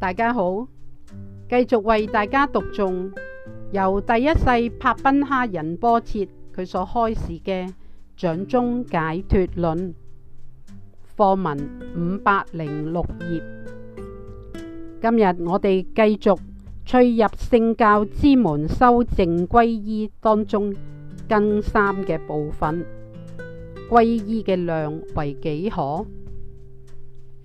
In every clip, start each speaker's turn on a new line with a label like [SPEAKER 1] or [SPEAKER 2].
[SPEAKER 1] 大家好，繼續為大家讀誦由第一世帕賓哈仁波切佢所開示嘅《掌中解脫論》課文五百零六頁。今日我哋繼續趣入聖教之門修正《歸依》當中更三嘅部分。歸依嘅量為幾何？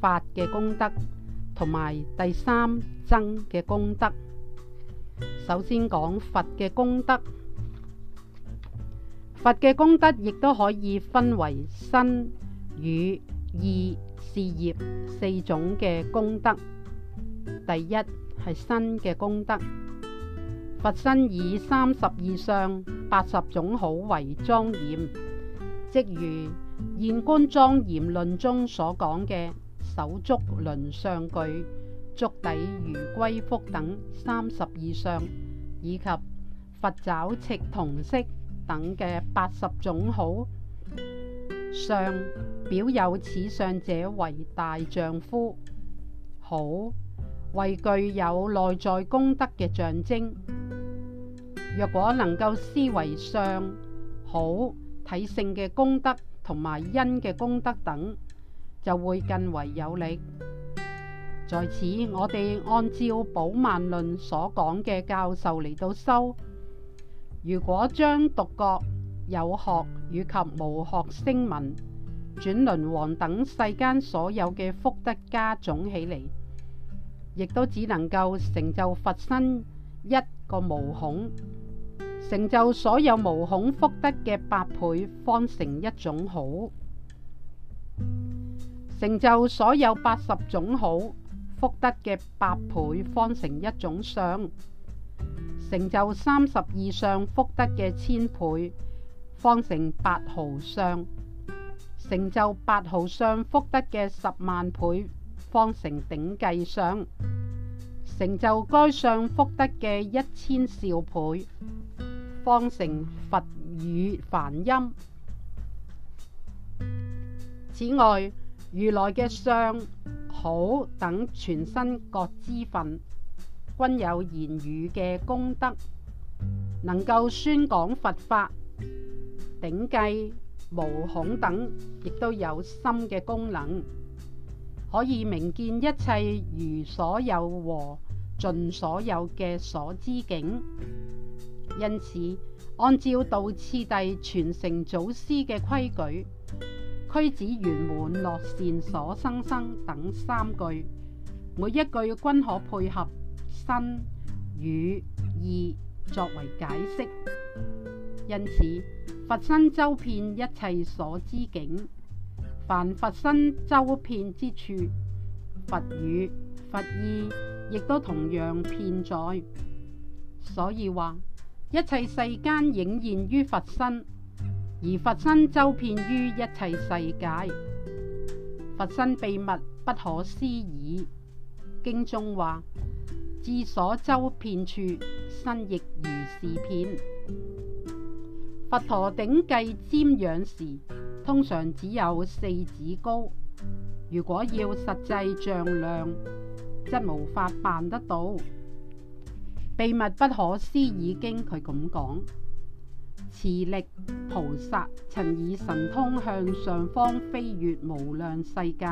[SPEAKER 1] 法嘅功德同埋第三僧嘅功德。首先講佛嘅功德，佛嘅功德亦都可以分為身、語、意事業四種嘅功德。第一係身嘅功德，佛身以三十二相八十種好為莊嚴，即如《現觀莊嚴論》中所講嘅。手足輪上具，足底如龜腹等三十以上，以及佛爪赤銅色等嘅八十種好相，表有此相者為大丈夫好，為具有內在功德嘅象徵。若果能夠思維相好體性嘅功德同埋因嘅功德等。就會更為有力。在此，我哋按照《寶鬘論》所講嘅教授嚟到修。如果將獨覺有學以及無學聲聞、轉輪王等世間所有嘅福德加總起嚟，亦都只能夠成就佛身一個毛孔，成就所有毛孔福德嘅百倍，方成一種好。成就所有八十種好福德嘅八倍，方成一種相；成就三十二相福德嘅千倍，方成八毫相；成就八毫相福德嘅十萬倍，方成頂計相；成就該相福德嘅一千兆倍，方成佛語梵音。此外，如來嘅相好等全身各之份，均有言語嘅功德，能夠宣講佛法、頂計毛孔等，亦都有心嘅功能，可以明見一切如所有和盡所有嘅所知境。因此，按照道次第傳承祖師嘅規矩。區子圓滿樂善所生生等三句，每一句均可配合身、語、意作為解釋。因此，佛身周遍一切所知境，凡佛身周遍之處，佛語、佛意亦都同樣遍在。所以話一切世間影現於佛身。而佛身周遍於一切世界，佛身秘密不可思議。經中話：至所周遍處，身亦如是遍。佛陀頂髻瞻仰時，通常只有四指高。如果要實際丈量，則無法辦得到。秘密不可思議經，佢咁講。慈力菩薩曾以神通向上方飛越無量世界，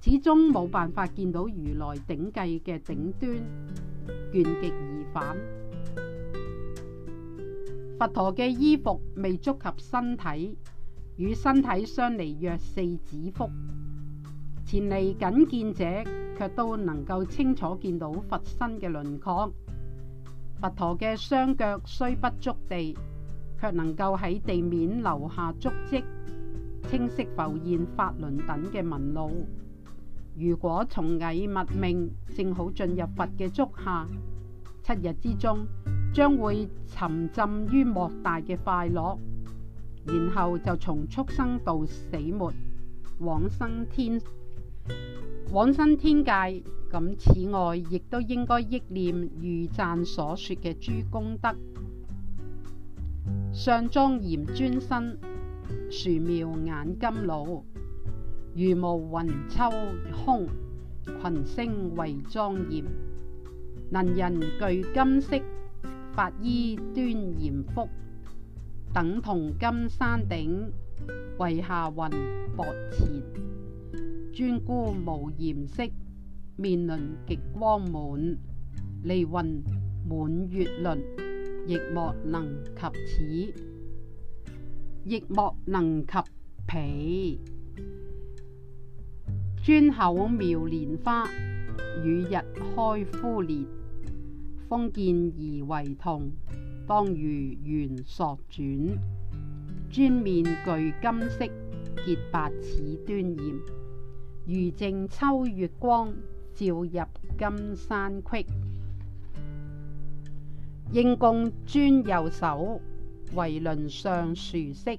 [SPEAKER 1] 始終冇辦法見到如來頂髻嘅頂端，倦極而返。佛陀嘅衣服未觸及身體，與身體相離約四指幅。前嚟僅見者卻都能夠清楚見到佛身嘅輪廓。佛陀嘅雙腳雖不足地。卻能夠喺地面留下足跡，清晰浮現法輪等嘅紋路。如果從蟻物命正好進入佛嘅足下，七日之中將會沉浸於莫大嘅快樂，然後就從畜生到死沒往生天，往生天界。咁此外，亦都應該憶念如讚所說嘅諸功德。上妝嚴尊身，樹苗眼金老，如無雲秋空，群星為莊嚴。能人具金色，法衣端嚴福，等同金山頂，為下雲薄前。尊姑無顏色，面輪極光滿，離雲滿月輪。亦莫能及此，亦莫能及彼。尊口妙蓮花，與日開敷蓮。風見而為痛，當如圓索轉。尊面具金色，潔白似端嚴。如正秋月光，照入金山窟。應共尊右手為輪上殊色，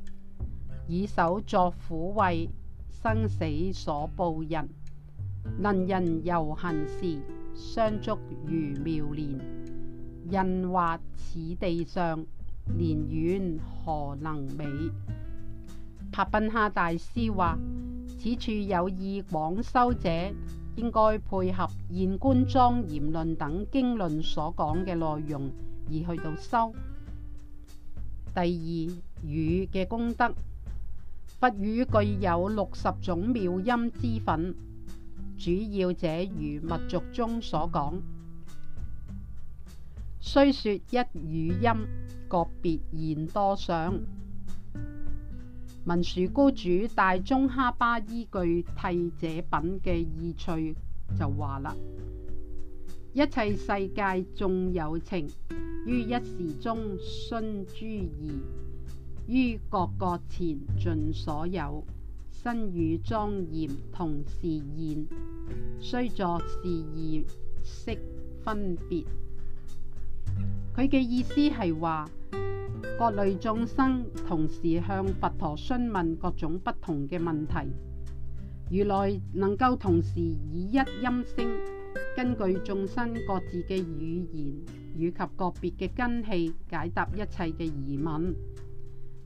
[SPEAKER 1] 以手作撫慰生死所報人。能人遊行時，相足如妙蓮。印畫此地上，蓮苑何能美？帕賓哈大師話，此處有意廣修者，應該配合現觀莊嚴論等經論所講嘅內容。而去到修第二語嘅功德，佛語具有六十種妙音之分，主要者如密續中所講。雖說一語音，各別言多想，文殊怙主大宗喀巴依據替者品嘅意趣就話啦。一切世界眾有情，於一時中詢諸疑，於各各前，盡所有身語莊嚴，同時現，雖作是言悉分別。佢嘅意思係話，各類眾生同時向佛陀詢問各種不同嘅問題，如來能夠同時以一音聲。根據眾生各自嘅語言以及個別嘅根器解答一切嘅疑問。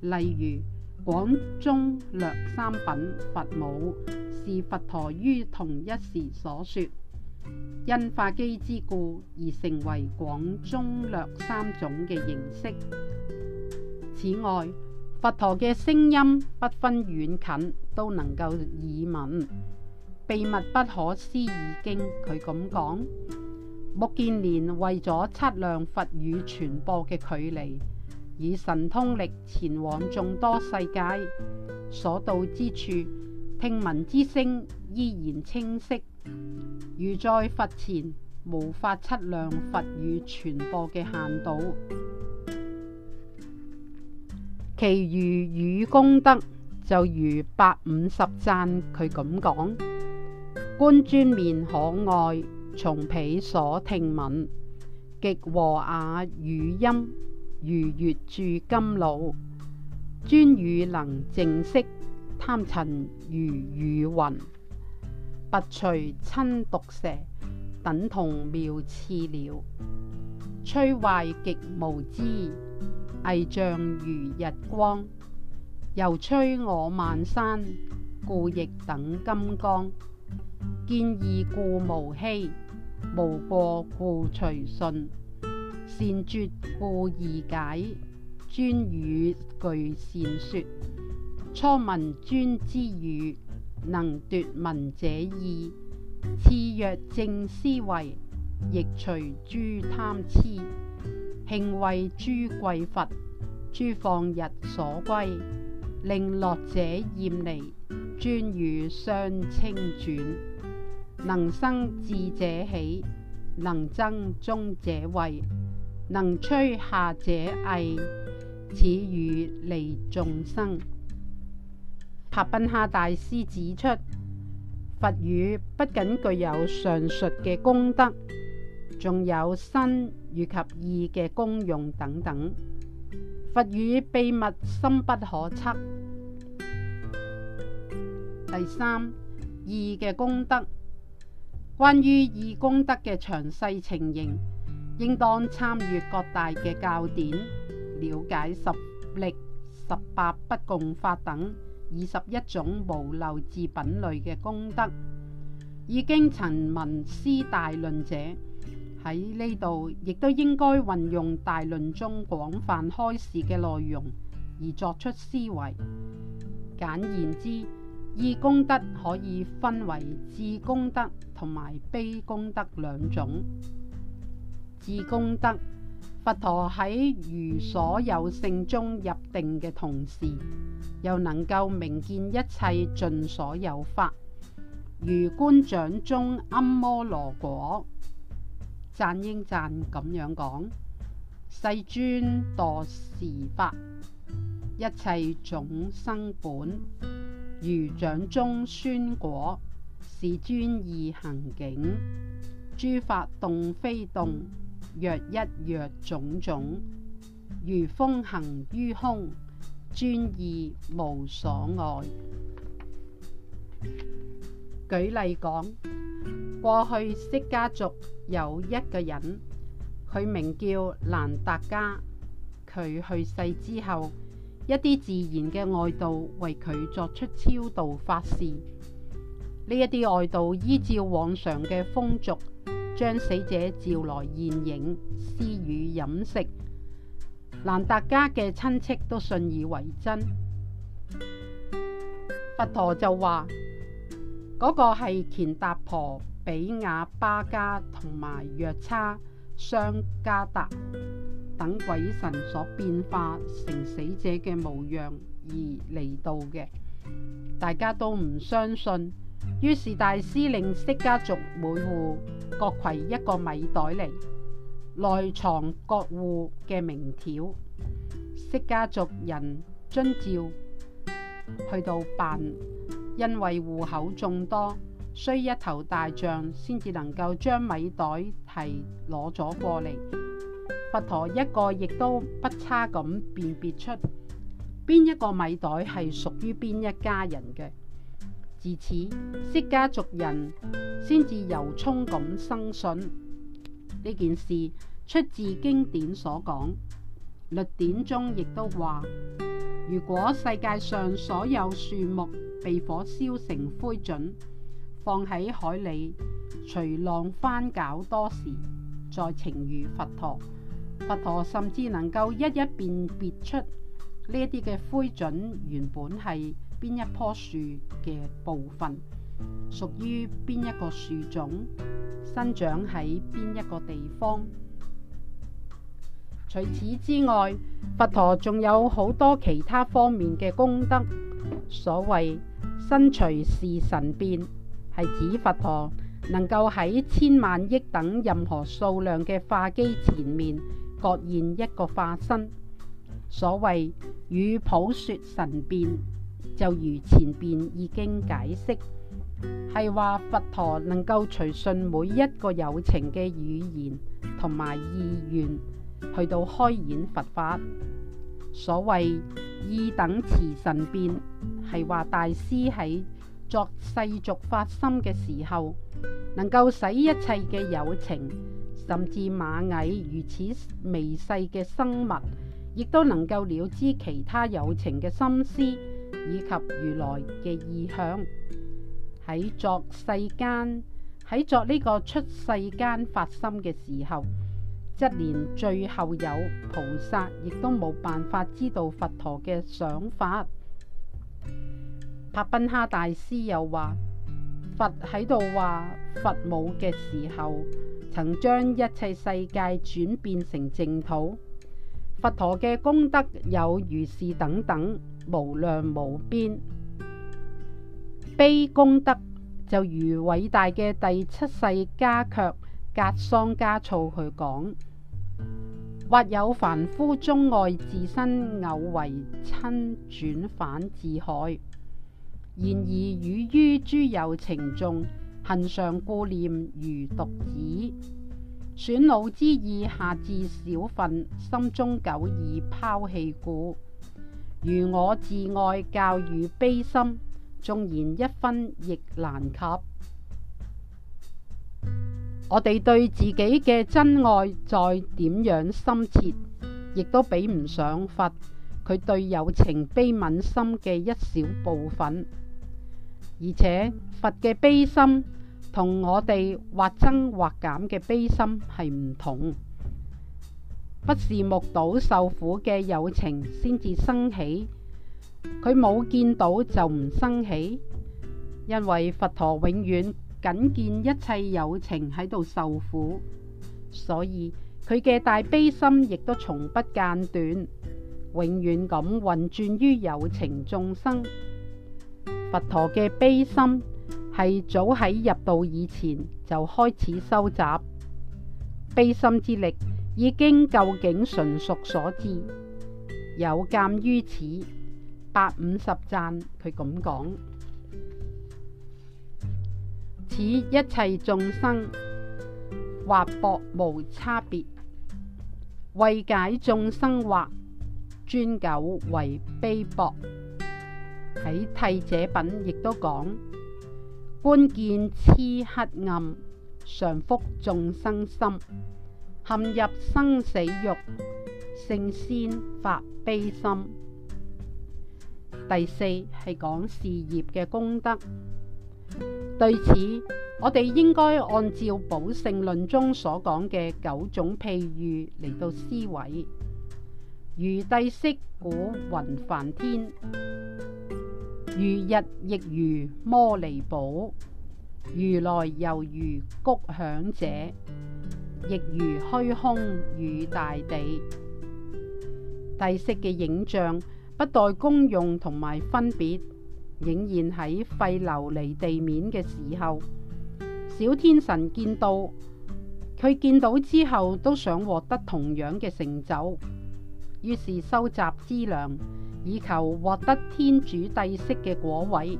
[SPEAKER 1] 例如，廣中略三品佛母是佛陀於同一時所說，因化機之故而成為廣中略三種嘅形式。此外，佛陀嘅聲音不分遠近都能夠耳聞。秘密不可思議經，佢咁講。目犍連為咗測量佛語傳播嘅距離，以神通力前往眾多世界，所到之處聽聞之聲依然清晰。如在佛前，無法測量佛語傳播嘅限度。其餘與功德就如百五十讚，佢咁講。觀尊面可愛，從彼所聽聞，極和雅語音，如月住金爐。尊語能靜息，貪塵如雨雲，拔除親毒蛇，等同妙翅鳥。摧壞極無知，偽象如日光，又摧我萬山，故亦等金剛。見義故無欺，無過故隨順，善絕故而解，尊語具善說。初聞尊之語，能奪聞者意。次曰：「正思維，亦隨諸貪癡。幸為諸貴佛，諸放日所歸，令樂者厭離，尊語相清轉。能生智者起，能增中者慧，能摧下者毅，此語利眾生。帕賓哈大師指出，佛語不僅具有上述嘅功德，仲有身以及意嘅功用等等。佛語秘密深不可測。第三，意嘅功德。關於義功德嘅詳細情形，應當參閱各大嘅教典，了解十力、十八不共法等二十一種無漏智品類嘅功德。已經曾聞思大論者喺呢度，亦都應該運用大論中廣泛開示嘅內容而作出思維。簡言之。義功德可以分為智功德同埋悲功德兩種。智功德，佛陀喺如所有性中入定嘅同時，又能夠明見一切盡所有法，如觀掌中庵摩羅果，讚應讚咁樣講：世尊墮時法，一切眾生本。如掌中酸果，是專意行景。諸法動非動，若一若種種，如風行於空，專意無所礙。舉例講，過去釋迦族有一個人，佢名叫蘭達家，佢去世之後。一啲自然嘅外道為佢作出超度法事，呢一啲外道依照往常嘅風俗，將死者召來現影施與飲食，蘭達家嘅親戚都信以為真。佛陀就話：嗰、那個係乾達婆比雅巴加同埋藥叉。商加達等鬼神所變化成死者嘅模樣而嚟到嘅，大家都唔相信，於是大師令戚家族每戶各攜一個米袋嚟，內藏各戶嘅名條，戚家族人遵照去到辦，因為戶口眾多。需一頭大象先至能夠將米袋提攞咗過嚟，佛陀一個亦都不差咁辨別出邊一個米袋係屬於邊一家人嘅。自此釋迦族人先至由衷咁生信呢，件事出自經典所講，律典中亦都話：如果世界上所有樹木被火燒成灰燼。放喺海裏，隨浪翻攪多時，再情如佛陀，佛陀甚至能夠一一辨別出呢啲嘅灰燼原本係邊一棵樹嘅部分，屬於邊一個樹種，生長喺邊一個地方。除此之外，佛陀仲有好多其他方面嘅功德，所謂身隨是神變。係指佛陀能夠喺千萬億等任何數量嘅化機前面各現一個化身。所謂與普說神變，就如前邊已經解釋，係話佛陀能夠隨順每一個有情嘅語言同埋意願去到開演佛法。所謂二等慈神變，係話大師喺，作世俗發心嘅時候，能夠使一切嘅有情，甚至螞蟻如此微細嘅生物，亦都能夠了知其他有情嘅心思以及如來嘅意向。喺作世間，喺作呢個出世間發心嘅時候，則連最後有菩薩亦都冇辦法知道佛陀嘅想法。帕賓哈大師又話：佛喺度話佛母嘅時候，曾將一切世界轉變成淨土。佛陀嘅功德有如是等等，無量無邊。悲功德就如偉大嘅第七世家卻格桑家措去講：或有凡夫鍾愛自身，偶為親轉反自害。然而與於諸有情眾，恆常顧念如獨子；損惱之意下至小份，心中久已拋棄故。如我自愛教與悲心，縱然一分亦難及。我哋對自己嘅真愛再點樣深切，亦都比唔上佛。佢對有情悲憫心嘅一小部分，而且佛嘅悲心同我哋或增或減嘅悲心係唔同，不是目睹受苦嘅有情先至生起，佢冇見到就唔生起，因為佛陀永遠僅見一切有情喺度受苦，所以佢嘅大悲心亦都從不間斷。永遠咁運轉於有情眾生，佛陀嘅悲心係早喺入道以前就開始收集悲心之力，已經究竟純熟所致。有鑑於此，百五十讚佢咁講：此一切眾生或薄無差別，為解眾生或。尊九為悲薄，喺替者品亦都講，觀見痴黑暗，常覆眾生心，陷入生死欲，聖先發悲心。第四係講事業嘅功德，對此我哋應該按照《寶性論》中所講嘅九種譬喻嚟到思維。.如帝釋古雲梵天，如日亦如摩尼寶，如來又如谷響者，亦如虛空與大地。帝釋嘅影像不待功用同埋分別，顯現喺廢琉璃地面嘅時候，小天神見到佢見到之後，都想獲得同樣嘅成就。於是收集資糧，以求獲得天主帝釋嘅果位。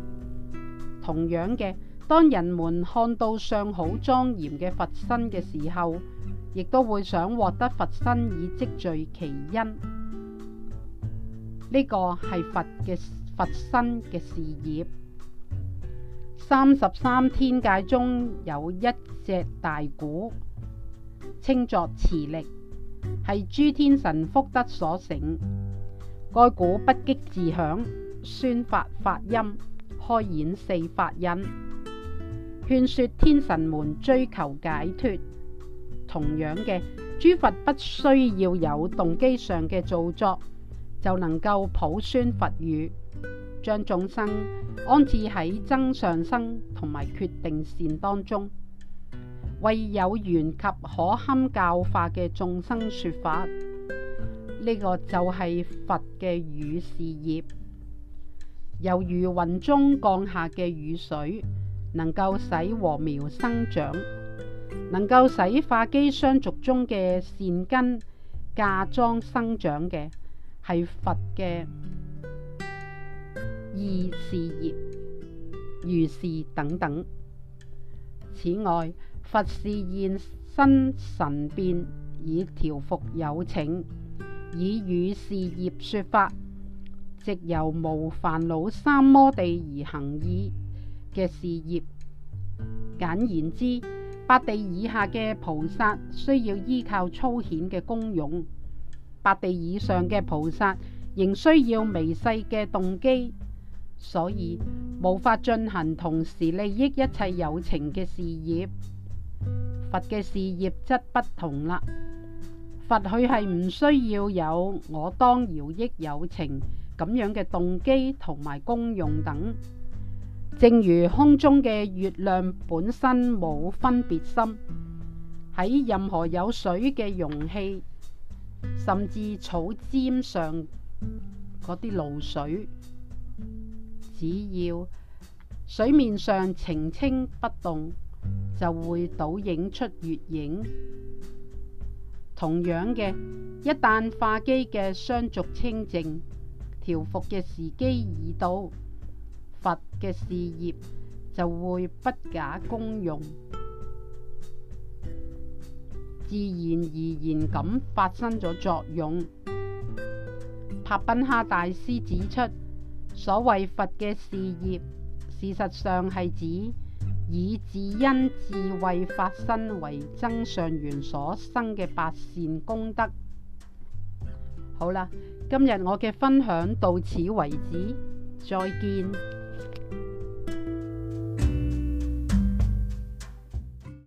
[SPEAKER 1] 同樣嘅，當人們看到上好莊嚴嘅佛身嘅時候，亦都會想獲得佛身，以積聚其因。呢個係佛嘅佛身嘅事業。三十三天界中有一隻大鼓，稱作慈力。係諸天神福德所成，該鼓不擊自響，宣發法音，開演四法音，勸說天神們追求解脱。同樣嘅，諸佛不需要有動機上嘅造作，就能夠普宣佛語，將眾生安置喺增上生同埋決定善當中。為有緣及可堪教化嘅眾生說法，呢、這個就係佛嘅語事業，猶如雲中降下嘅雨水，能夠使禾苗生長，能夠使化機相續中嘅善根嫁妝生長嘅，係佛嘅語事業、如是等等。此外，佛是現身神變以，以調服有情，以與事業說法，藉由無煩惱三摩地而行意嘅事業。簡言之，八地以下嘅菩薩需要依靠粗顯嘅功用，八地以上嘅菩薩仍需要微細嘅動機，所以無法進行同時利益一切有情嘅事業。佛嘅事業則不同啦，佛佢係唔需要有我當饒益有情咁樣嘅動機同埋功用等，正如空中嘅月亮本身冇分別心，喺任何有水嘅容器，甚至草尖上嗰啲露水，只要水面上澄清不動，就會倒映出月影。同樣嘅，一旦化機嘅相續清淨，調伏嘅時機已到，佛嘅事業就會不假功用，自然而然咁發生咗作用。帕賓哈大師指出，所謂佛嘅事業，事實上係指，以至因智慧發生為增上緣所生嘅八善功德。好啦，今日我嘅分享到此為止，再見。